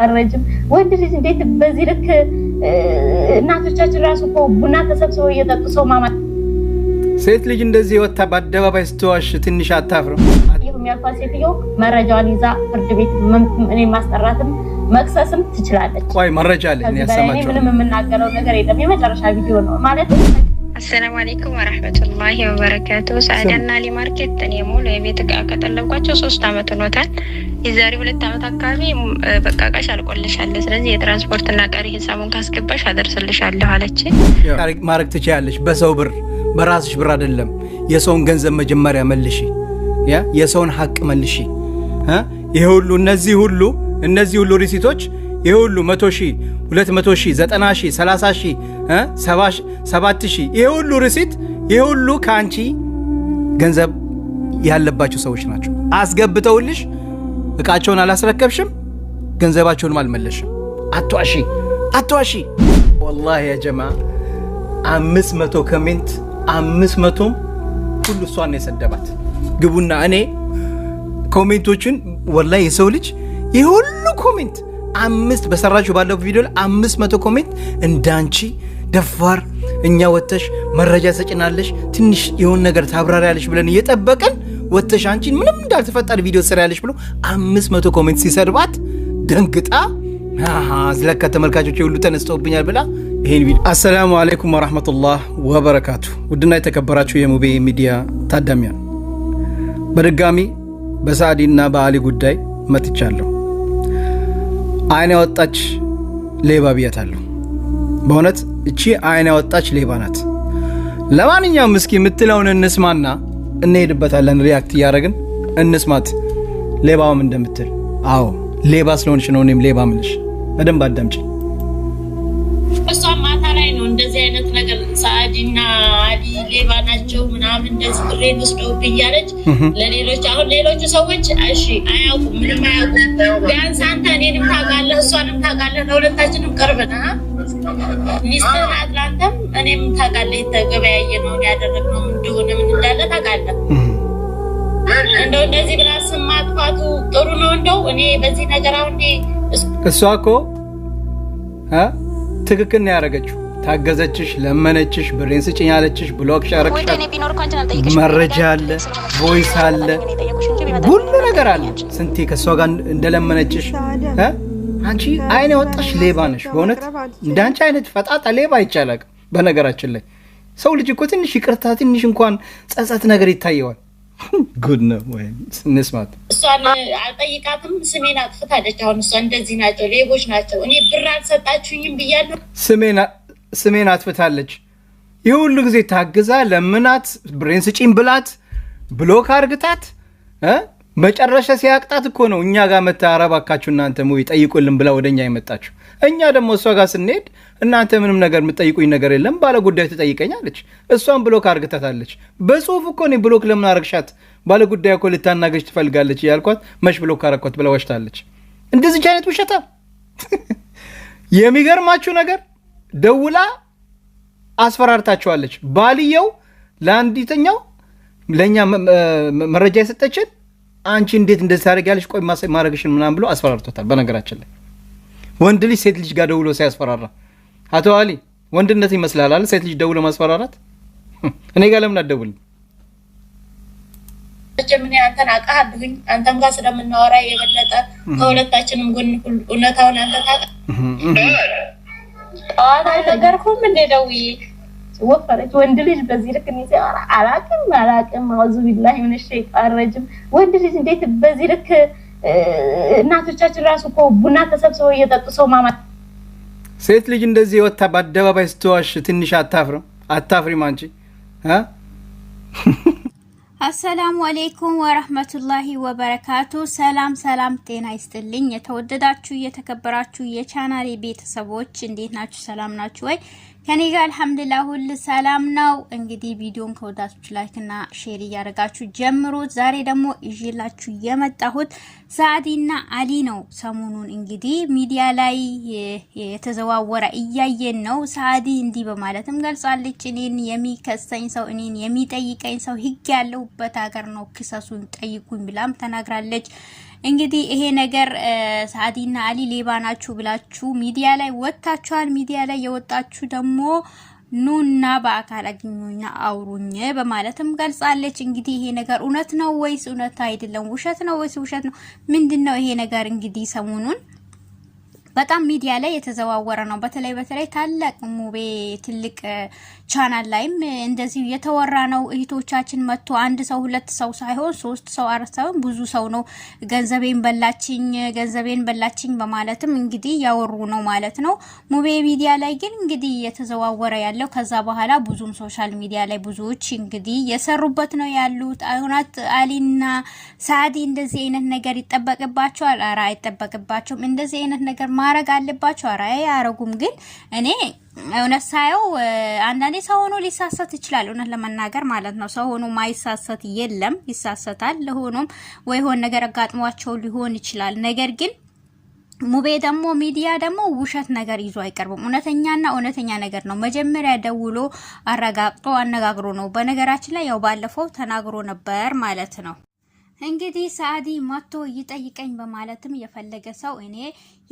አረጅም ወንድ ልጅ እንዴት በዚህ ልክ እናቶቻችን ራሱ እኮ ቡና ተሰብስበው እየጠጡ ሰው ማማት። ሴት ልጅ እንደዚህ የወታ በአደባባይ ስትዋሽ ትንሽ አታፍርም? የሚያልፋ ሴትዮ መረጃዋን ይዛ ፍርድ ቤት እኔ ማስጠራትም መቅሰስም ትችላለች። ቆይ መረጃ አለኝ ያሰማቸው ምንም የምናገረው ነገር የለም። የመጨረሻ ቪዲዮ ነው ማለት አሰላሙ አሌይኩም ወረህመቱላሂ ወበረካቱ። ሳዕዳና ሊማርኬት እኔ ሙሉ የቤት እቃ ከጠለብኳቸው ሶስት አመት ሆኖታል። የዛሬ ሁለት አመት አካባቢ በቃ እቃሽ አልቆልሻለ፣ ስለዚህ የትራንስፖርትና ቀሪ ሂሳቡን ካስገባሽ አደርስልሻለሁ አለች። ማድረግ ትችያለሽ፣ በሰው ብር በራስሽ ብር አይደለም። የሰውን ገንዘብ መጀመሪያ መልሺ፣ የሰውን ሀቅ መልሺ። ይሄ ሁሉ እነዚህ ሁሉ እነዚህ ሁሉ ሪሲቶች ይህ ሁሉ መቶ ሺህ ሁለት መቶ ሺህ ዘጠና ሺህ ሰላሳ ሺህ ሰባት ሺህ ይህ ሁሉ ርሲት ይህ ሁሉ ከአንቺ ገንዘብ ያለባቸው ሰዎች ናቸው። አስገብተውልሽ እቃቸውን አላስረከብሽም፣ ገንዘባቸውንም አልመለሽም። አቷሺ አቷሺ ወላሂ ያ ጀማ አምስት መቶ ከሜንት አምስት መቶም ሁሉ እሷን የሰደባት ግቡና እኔ ኮሜንቶችን ወላሂ የሰው ልጅ ይህ ሁሉ ኮሜንት አምስት በሰራችሁ ባለው ቪዲዮ ላይ አምስት መቶ ኮሜንት እንዳንቺ ደፋር እኛ ወተሽ መረጃ ሰጭናለሽ ትንሽ የሆን ነገር ታብራሪ ያለሽ ብለን እየጠበቅን ወተሽ አንቺን ምንም እንዳልተፈጠረ ቪዲዮ ስራ ያለሽ ብሎ አምስት መቶ ኮሜንት ሲሰድባት ደንግጣ ስለካ ተመልካቾች ሁሉ ተነስተውብኛል ብላ ይህን ቪዲዮ። አሰላሙ አለይኩም ወራህመቱላህ ወበረካቱ። ውድና የተከበራችሁ የሙቤ ሚዲያ ታዳሚያን በድጋሚ በሳዕዲና በአሊ ጉዳይ መጥቻለሁ። አይን ያወጣች ሌባ ብያታለሁ። በእውነት እቺ አይን ያወጣች ሌባ ናት። ለማንኛውም እስኪ የምትለውን እንስማና እንሄድበታለን። ሪያክት እያደረግን እንስማት ሌባውም እንደምትል። አዎ ሌባ ስለሆንሽ ነው እኔም ሌባ ምልሽ። በደንብ አዳምጪ። እሷ ማታ ላይ ነው እንደዚህ አይነት ነገር ሳዲና አዲ ሌባ ናቸው ምናምን እንደዚህ ብሬን ወስደውብኝ እያለች ለሌሎች አሁን ሌሎቹ ሰዎች እሺ አያውቁ ምንም አያውቁ። ቢያንስ አንተ እኔንም ታውቃለህ፣ እሷንም ታውቃለህ፣ ለሁለታችንም ቅርብና ሚስትር አትላንተም እኔም ታውቃለህ። የተገበያየ ነው ያደረግነው እንደሆነ ምን እንዳለ ታውቃለህ። እንደው እንደዚህ ብላ ስም ማጥፋቱ ጥሩ ነው። እንደው እኔ በዚህ ነገር አሁን እሷ እኮ ትክክል ነው ያደረገችው። ታገዘችሽ፣ ለመነችሽ፣ ብሬን ስጭኝ አለችሽ፣ ብሎክ ሻረግሻ፣ መረጃ አለ፣ ቮይስ አለ፣ ሁሉ ነገር አለ። ስንቴ ከእሷ ጋር እንደለመነችሽ። አንቺ አይን የወጣሽ ሌባ ነሽ። በእውነት እንዳንቺ አይነት ፈጣጣ ሌባ አይቻላቅም። በነገራችን ላይ ሰው ልጅ እኮ ትንሽ ይቅርታ፣ ትንሽ እንኳን ጸጸት ነገር ይታየዋል። ጉድ ነው ወይም ስንስማት እሷን አልጠይቃትም፣ ስሜን አጥፍታለች። አሁን እሷ እንደዚህ ናቸው፣ ሌቦች ናቸው፣ እኔ ብር አልሰጣችሁኝም ብያለሁ ስሜን ስሜን አትፍታለች። ይህ ሁሉ ጊዜ ታግዛ ለምናት፣ ብሬን ስጪን ብላት፣ ብሎክ አርግታት መጨረሻ ሲያቅጣት እኮ ነው እኛ ጋር መታ አረባካችሁ እናንተ ሙቪ ጠይቁልን ብላ ወደ እኛ የመጣችሁ። እኛ ደግሞ እሷ ጋር ስንሄድ እናንተ ምንም ነገር የምትጠይቁኝ ነገር የለም ባለ ጉዳዩ ትጠይቀኛለች። እሷን ብሎክ አርግታታለች። በጽሁፍ እኮ እኔ ብሎክ ለምን አረግሻት ባለ ጉዳዩ እኮ ልታናገጅ ትፈልጋለች እያልኳት መች ብሎክ አረኳት ብላ ዋሽታለች። እንደዚች አይነት ውሸታ የሚገርማችሁ ነገር ደውላ አስፈራርታቸዋለች። ባልየው ለአንዲተኛው ለእኛ መረጃ የሰጠችን አንቺ እንዴት እንደዚህ ታደርጊያለሽ? ቆይ ማድረግሽን ምናምን ብሎ አስፈራርቶታል። በነገራችን ላይ ወንድ ልጅ ሴት ልጅ ጋር ደውሎ ሲያስፈራራ አቶ አሊ ወንድነት ይመስላል አለ። ሴት ልጅ ደውሎ ማስፈራራት እኔ ጋር ለምን አትደውልም? ምን አንተን አውቃለሁኝ አንተም ጋር ስለምናወራ የበለጠ ከሁለታችንም ጎን እውነታውን አንተ ታውቃለህ አልነገርኩም እንደ ደውዬ ወፈረች ወንድ ልጅ በዚህ ልክ እኔ ሲያወራ አውዙ ሸይጣን ረጅም ወንድ ልጅ እንዴት በዚህ ልክ እናቶቻችን ራሱ እኮ ቡና ተሰብስበው እየጠጡ ሰው ሴት ልጅ እንደዚህ የወታ በአደባባይ ስትዋሽ ትንሽ አታፍርም አታፍሪም አንቺ አሰላሙ አሌይኩም ወረህመቱላሂ ወበረካቱ። ሰላም ሰላም፣ ጤና ይስጥልኝ የተወደዳችሁ እየተከበራችሁ የቻናሌ ቤተሰቦች እንዴት ናችሁ? ሰላም ናችሁ ወይ? ከኔ ጋር አልሐምዱሊላህ ሁል ሰላም ነው። እንግዲህ ቪዲዮን ከወዳችሁ ላይክ እና ሼር እያደረጋችሁ ጀምሩት። ዛሬ ደግሞ ይዤላችሁ የመጣሁት ሳዕዲና አሊ ነው። ሰሞኑን እንግዲህ ሚዲያ ላይ የተዘዋወረ እያየን ነው። ሳዕዲ እንዲህ በማለትም ገልጻለች። እኔን የሚከሰኝ ሰው እኔን የሚጠይቀኝ ሰው ህግ ያለሁበት ሀገር ነው፣ ክሰሱን ጠይቁኝ ብላም ተናግራለች። እንግዲህ ይሄ ነገር ሳዲና አሊ ሌባ ናችሁ ብላችሁ ሚዲያ ላይ ወጣችኋል። ሚዲያ ላይ የወጣችሁ ደግሞ ኑና በአካል አግኙኛ አውሩኝ በማለትም ገልጻለች። እንግዲህ ይሄ ነገር እውነት ነው ወይስ እውነት አይደለም? ውሸት ነው ወይስ ውሸት ነው? ምንድን ነው ይሄ ነገር? እንግዲህ ሰሞኑን በጣም ሚዲያ ላይ የተዘዋወረ ነው። በተለይ በተለይ ታላቅ ሙቤ ትልቅ ቻናል ላይም እንደዚህ የተወራ ነው። እህቶቻችን መጥቶ አንድ ሰው ሁለት ሰው ሳይሆን ሶስት ሰው አራት ሰው ብዙ ሰው ነው ገንዘቤን በላችኝ ገንዘቤን በላችኝ በማለትም እንግዲህ ያወሩ ነው ማለት ነው። ሙቤ ሚዲያ ላይ ግን እንግዲህ እየተዘዋወረ ያለው ከዛ በኋላ ብዙም ሶሻል ሚዲያ ላይ ብዙዎች እንግዲህ የሰሩበት ነው ያሉት። አሁናት አሊና ሳዲ እንደዚህ አይነት ነገር ይጠበቅባቸዋል? አራ አይጠበቅባቸውም። እንደዚህ አይነት ነገር ማድረግ አለባቸው? አራ አያረጉም። ግን እኔ እውነት ሳየው አንዳንዴ ሰው ሆኖ ሊሳሰት ይችላል። እውነት ለመናገር ማለት ነው ሰው ሆኖ ማይሳሰት የለም፣ ይሳሰታል። ለሆኖም ወይ ሆን ነገር አጋጥሟቸው ሊሆን ይችላል። ነገር ግን ሙቤ ደግሞ ሚዲያ ደግሞ ውሸት ነገር ይዞ አይቀርብም። እውነተኛና እውነተኛ ነገር ነው። መጀመሪያ ደውሎ አረጋግጦ አነጋግሮ ነው። በነገራችን ላይ ያው ባለፈው ተናግሮ ነበር ማለት ነው። እንግዲህ ሳዲ መጥቶ ይጠይቀኝ በማለትም የፈለገ ሰው እኔ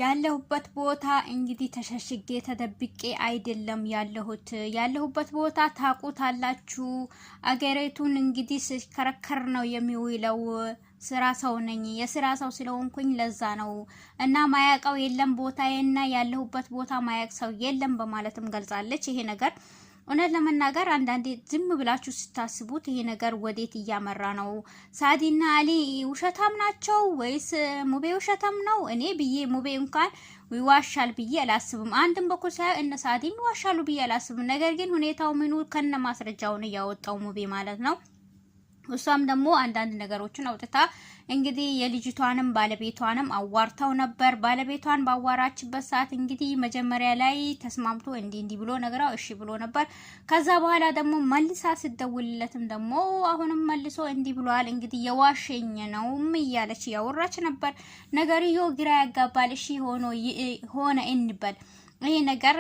ያለሁበት ቦታ እንግዲህ ተሸሽጌ ተደብቄ አይደለም ያለሁት። ያለሁበት ቦታ ታቁታላችሁ። አገሬቱን እንግዲህ ስከረከር ነው የሚውለው። ስራ ሰው ነኝ። የስራ ሰው ስለሆንኩኝ ለዛ ነው እና ማያቀው የለም ቦታዬና ያለሁበት ቦታ ማያቅ ሰው የለም በማለትም ገልጻለች። ይሄ ነገር እውነት ለመናገር አንዳንዴ ዝም ብላችሁ ስታስቡት ይሄ ነገር ወዴት እያመራ ነው? ሳዲና አሊ ውሸታም ናቸው ወይስ ሙቤ ውሸታም ነው? እኔ ብዬ ሙቤ እንኳን ይዋሻል ብዬ አላስብም። አንድም በኩል ሳይ እነ ሳዲም ይዋሻሉ ብዬ አላስብም። ነገር ግን ሁኔታው ምኑ ከነ ማስረጃውን እያወጣው ሙቤ ማለት ነው። እሷም ደግሞ አንዳንድ ነገሮችን አውጥታ እንግዲህ የልጅቷንም ባለቤቷንም አዋርተው ነበር። ባለቤቷን ባዋራችበት ሰዓት እንግዲህ መጀመሪያ ላይ ተስማምቶ እንዲህ እንዲህ ብሎ ነግራው እሺ ብሎ ነበር። ከዛ በኋላ ደግሞ መልሳ ስደውልለትም ደግሞ አሁንም መልሶ እንዲህ ብሏል፣ እንግዲህ የዋሸኝ ነውም እያለች ያወራች ነበር። ነገርዮ ግራ ያጋባል። እሺ ሆኖ ሆነ እንበል ይሄ ነገር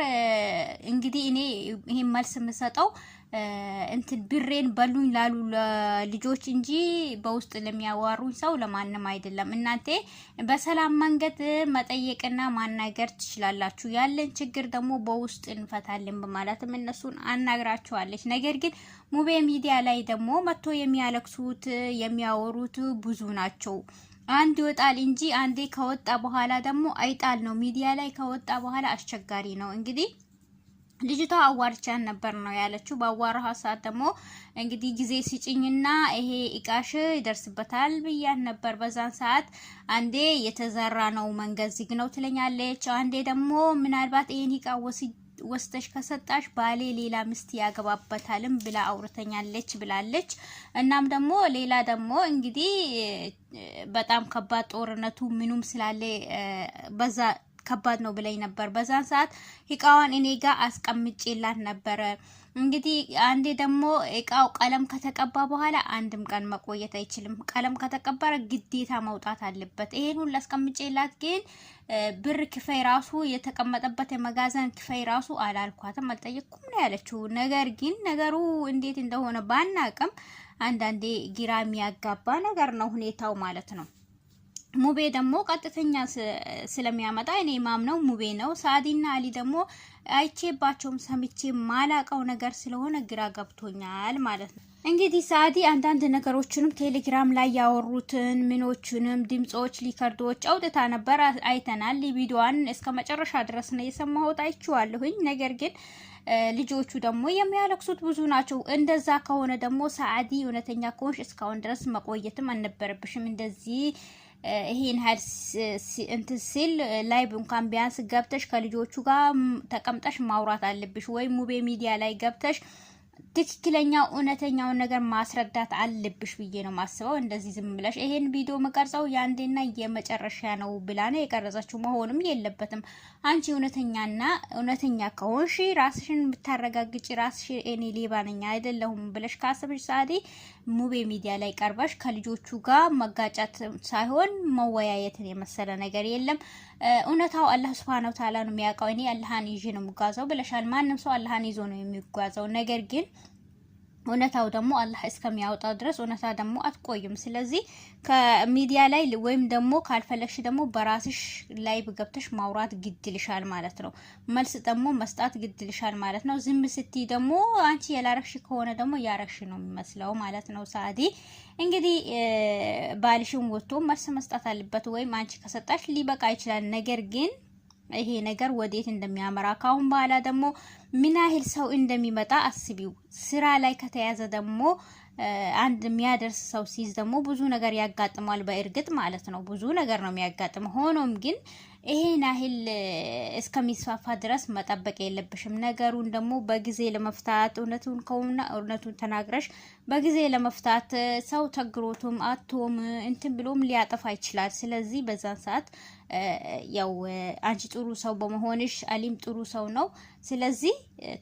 እንግዲህ እኔ ይሄን መልስ የምሰጠው እንትን ብሬን በሉኝ ላሉ ልጆች እንጂ በውስጥ ለሚያዋሩኝ ሰው ለማንም አይደለም። እናንተ በሰላም መንገድ መጠየቅና ማናገር ትችላላችሁ። ያለን ችግር ደግሞ በውስጥ እንፈታለን በማለትም እነሱን አናግራቸዋለች ነገር ግን ሙቤ ሚዲያ ላይ ደግሞ መጥቶ የሚያለቅሱት የሚያወሩት ብዙ ናቸው። አንድ ይወጣል እንጂ አንዴ ከወጣ በኋላ ደግሞ አይጣል ነው። ሚዲያ ላይ ከወጣ በኋላ አስቸጋሪ ነው እንግዲህ ልጅቷ አዋርቻን ነበር ነው ያለችው። በአዋራሃ ሰዓት ደግሞ እንግዲህ ጊዜ ሲጭኝና ይሄ እቃሽ ይደርስበታል ብያን ነበር። በዛን ሰዓት አንዴ የተዘራ ነው መንገድ ዝግ ነው ትለኛለች። አንዴ ደግሞ ምናልባት ይሄን እቃ ወስተሽ ከሰጣሽ ባሌ ሌላ ሚስት ያገባበታልም ብላ አውርተኛለች ብላለች። እናም ደግሞ ሌላ ደግሞ እንግዲህ በጣም ከባድ ጦርነቱ ምኑም ስላለ በዛ ከባድ ነው ብለኝ ነበር። በዛን ሰዓት እቃዋን እኔ ጋር አስቀምጬላት ነበረ። እንግዲህ አንዴ ደግሞ እቃው ቀለም ከተቀባ በኋላ አንድም ቀን መቆየት አይችልም። ቀለም ከተቀበረ ግዴታ መውጣት አለበት። ይሄን ሁሉ አስቀምጬላት ግን ብር ክፈይ ራሱ የተቀመጠበት የመጋዘን ክፈይ ራሱ አላልኳትም፣ አልጠየቅኩም ነው ያለችው። ነገር ግን ነገሩ እንዴት እንደሆነ ባናቅም አንዳንዴ ግራ የሚያጋባ ነገር ነው ሁኔታው ማለት ነው። ሙቤ ደግሞ ቀጥተኛ ስለሚያመጣ እኔ ማም ነው ሙቤ ነው። ሳዲና አሊ ደግሞ አይቼባቸውም ሰምቼ ማላቀው ነገር ስለሆነ ግራ ገብቶኛል ማለት ነው። እንግዲህ ሳዲ አንዳንድ ነገሮችንም ቴሌግራም ላይ ያወሩትን ምኖቹንም ድምጾች ሊከርዶች አውጥታ ነበር፣ አይተናል። ቪዲዮዋን እስከ መጨረሻ ድረስ ነው የሰማሁት፣ አይችዋለሁኝ። ነገር ግን ልጆቹ ደግሞ የሚያለቅሱት ብዙ ናቸው። እንደዛ ከሆነ ደግሞ ሳዲ እውነተኛ ከሆንሽ እስካሁን ድረስ መቆየትም አልነበረብሽም እንደዚህ ይሄን ሀይል እንትን ሲል ላይቭ እንኳን ቢያንስ ገብተሽ ከልጆቹ ጋር ተቀምጠሽ ማውራት አለብሽ። ወይም ሙቤ ሚዲያ ላይ ገብተሽ ትክክለኛ እውነተኛውን ነገር ማስረዳት አለብሽ ብዬ ነው ማስበው። እንደዚህ ዝም ብለሽ ይሄን ቪዲዮ መቀርጸው የአንዴና የመጨረሻ ነው ብላ ነው የቀረጸችው መሆንም የለበትም። አንቺ እውነተኛና እውነተኛ ከሆንሽ ራስሽን ብታረጋግጭ ራስሽ እኔ ሌባ ነኝ አይደለሁም ብለሽ ካሰብሽ ሰዓቴ ሙቤ ሚዲያ ላይ ቀርበሽ ከልጆቹ ጋር መጋጫት ሳይሆን መወያየትን የመሰለ ነገር የለም። እውነታው አላህ ሱብሃነሁ ወተዓላ ነው የሚያውቀው። እኔ አላህን ይዤ ነው የምጓዘው ብለሻል። ማንም ሰው አላህን ይዞ ነው የሚጓዘው ነገር ግን እውነታው ደግሞ አላህ እስከሚያወጣ ድረስ እውነታ ደግሞ አትቆይም። ስለዚህ ከሚዲያ ላይ ወይም ደግሞ ካልፈለግሽ ደግሞ በራስሽ ላይ ገብተሽ ማውራት ግድልሻል ማለት ነው። መልስ ደግሞ መስጣት ግድልሻል ማለት ነው። ዝም ስትይ ደግሞ አንቺ ያላረግሽ ከሆነ ደግሞ ያረግሽ ነው የሚመስለው ማለት ነው። ሳዲ እንግዲህ ባልሽን ወጥቶ መልስ መስጣት አለበት፣ ወይም አንቺ ከሰጣሽ ሊበቃ ይችላል። ነገር ግን ይሄ ነገር ወዴት እንደሚያመራ ካሁን በኋላ ደግሞ ምን ያህል ሰው እንደሚመጣ አስቢው። ስራ ላይ ከተያዘ ደግሞ አንድ የሚያደርስ ሰው ሲይዝ ደግሞ ብዙ ነገር ያጋጥሟል። በእርግጥ ማለት ነው ብዙ ነገር ነው የሚያጋጥም። ሆኖም ግን ይሄን ያህል እስከሚስፋፋ ድረስ መጠበቅ የለብሽም። ነገሩን ደግሞ በጊዜ ለመፍታት እውነቱን ከሆነ እውነቱን ተናግረሽ በጊዜ ለመፍታት ሰው ተግሮቱም አቶም እንትን ብሎም ሊያጠፋ ይችላል። ስለዚህ በዛን ሰዓት ያው አንቺ ጥሩ ሰው በመሆንሽ አሊም ጥሩ ሰው ነው ስለዚህ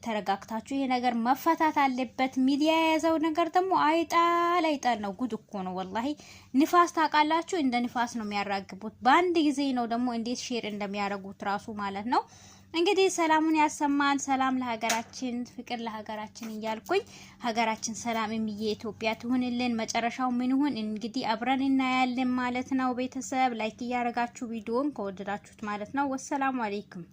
ተረጋግታችሁ ይሄ ነገር መፈታት አለበት። ሚዲያ የያዘው ነገር ደግሞ አይጣል አይጣል ነው። ጉድ እኮ ነው ወላሂ። ንፋስ ታውቃላችሁ፣ እንደ ንፋስ ነው የሚያራግቡት። በአንድ ጊዜ ነው ደግሞ እንዴት ሼር እንደሚያደርጉት ራሱ ማለት ነው። እንግዲህ ሰላሙን ያሰማን። ሰላም ለሀገራችን፣ ፍቅር ለሀገራችን እያልኩኝ ሀገራችን ሰላም የሚዬ ኢትዮጵያ ትሁንልን። መጨረሻው ምን ይሁን እንግዲህ አብረን እናያለን ማለት ነው። ቤተሰብ ላይክ እያደረጋችሁ ቪዲዮን ከወደዳችሁት ማለት ነው። ወሰላሙ አሌይኩም